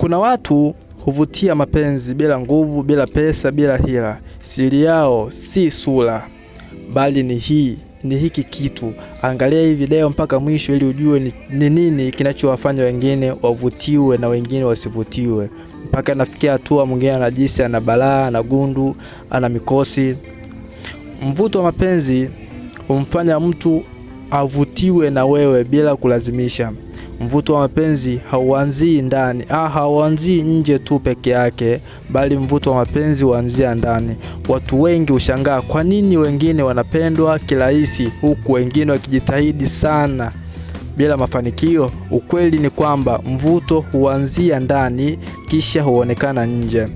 Kuna watu huvutia mapenzi bila nguvu, bila pesa, bila hila. Siri yao si sura, bali ni hii ni hiki kitu. Angalia hii video mpaka mwisho ili ujue ni, ni nini kinachowafanya wengine wavutiwe na wengine wasivutiwe, mpaka nafikia hatua mwingine anajisi ana balaa, ana gundu, ana mikosi. Mvuto wa mapenzi humfanya mtu avutiwe na wewe bila kulazimisha. Mvuto wa mapenzi hauanzii ndani, ah, hauanzii nje tu peke yake, bali mvuto wa mapenzi huanzia ndani. Watu wengi hushangaa kwa nini wengine wanapendwa kirahisi, huku wengine wakijitahidi sana bila mafanikio. Ukweli ni kwamba mvuto huanzia ndani, kisha huonekana nje.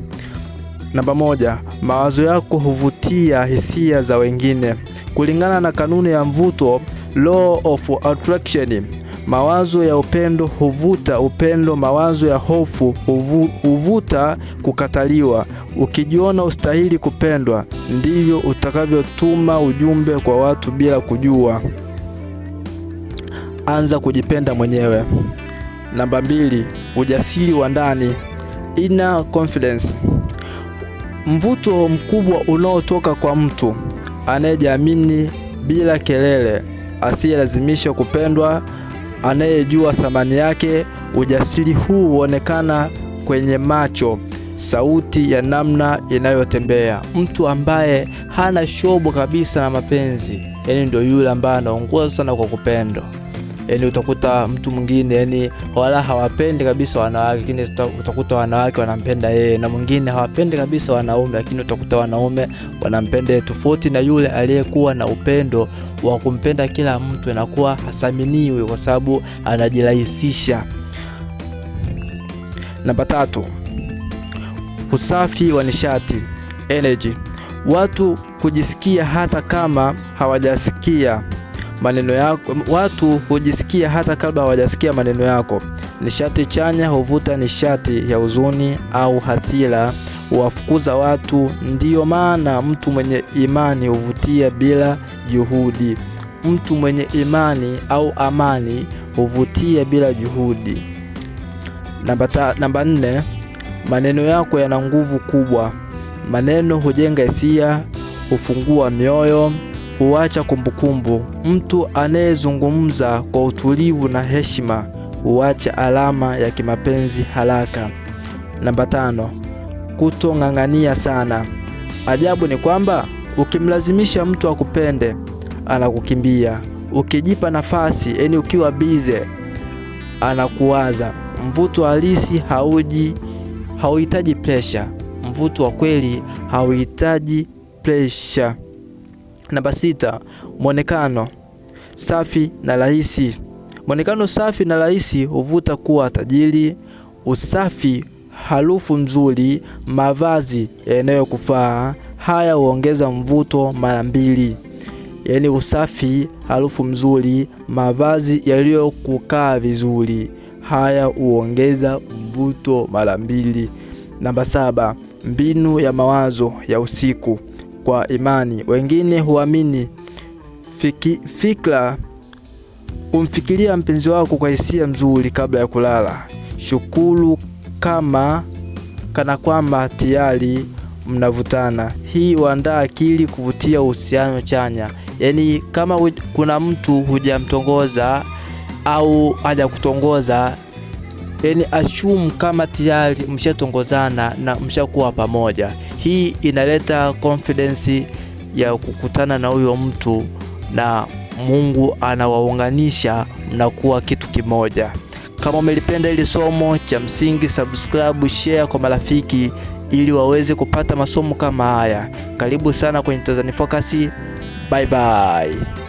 Namba moja, mawazo yako huvutia hisia za wengine. Kulingana na kanuni ya mvuto, law of attraction, Mawazo ya upendo huvuta upendo, mawazo ya hofu huvu, huvuta kukataliwa. Ukijiona ustahili kupendwa, ndivyo utakavyotuma ujumbe kwa watu bila kujua. Anza kujipenda mwenyewe. Namba mbili, ujasiri wa ndani, inner confidence. Mvuto mkubwa unaotoka kwa mtu anayejiamini bila kelele, asiyelazimisha kupendwa anayejua thamani yake. Ujasiri huu huonekana kwenye macho, sauti ya namna inayotembea. Mtu ambaye hana shobo kabisa na mapenzi, yaani ndio yule ambaye anaongoza sana kwa kupendo yani utakuta mtu mwingine yani wala hawapendi kabisa wanawake, lakini utakuta wanawake wanampenda yeye, na mwingine hawapendi kabisa wanaume, lakini utakuta wanaume wanampenda tofauti, na yule aliyekuwa na upendo wa kumpenda kila mtu anakuwa hasaminiwi kwa sababu anajirahisisha. Namba tatu, usafi wa nishati energy, watu kujisikia hata kama hawajasikia maneno yako, watu hujisikia hata kabla hawajasikia maneno yako. Nishati chanya huvuta nishati ya huzuni au hasira, huwafukuza watu. Ndiyo maana mtu mwenye imani huvutia bila juhudi. Mtu mwenye imani au amani huvutia bila juhudi. Namba nne, maneno yako yana nguvu kubwa. Maneno hujenga hisia, hufungua mioyo huacha kumbukumbu. Mtu anayezungumza kwa utulivu na heshima huacha alama ya kimapenzi haraka. Namba tano, kutong'ang'ania sana. Ajabu ni kwamba ukimlazimisha mtu akupende anakukimbia, ukijipa nafasi, yani ukiwa bize anakuwaza. Mvuto halisi hauji hauhitaji presha. Mvuto wa kweli hauhitaji presha. Namba sita, mwonekano safi na rahisi. Mwonekano safi na rahisi huvuta kuwa tajiri. Usafi, harufu nzuri, mavazi yanayokufaa, haya huongeza mvuto mara mbili. Yaani usafi, harufu nzuri, mavazi yaliyokukaa vizuri, haya huongeza mvuto mara mbili. Namba saba, mbinu ya mawazo ya usiku kwa imani. Wengine huamini fiki, fikra kumfikiria mpenzi wako kwa hisia nzuri kabla ya kulala. Shukuru kama kana kwamba tayari mnavutana. Hii huandaa akili kuvutia uhusiano chanya. Yaani kama kuna mtu hujamtongoza au hajakutongoza yani ashumu kama tayari mshatongozana na mshakuwa pamoja. Hii inaleta confidence ya kukutana na huyo mtu na Mungu anawaunganisha mnakuwa kitu kimoja. Kama umelipenda hili somo, cha msingi subscribe, share kwa marafiki ili waweze kupata masomo kama haya. Karibu sana kwenye Tanzania Focus. Bye bye.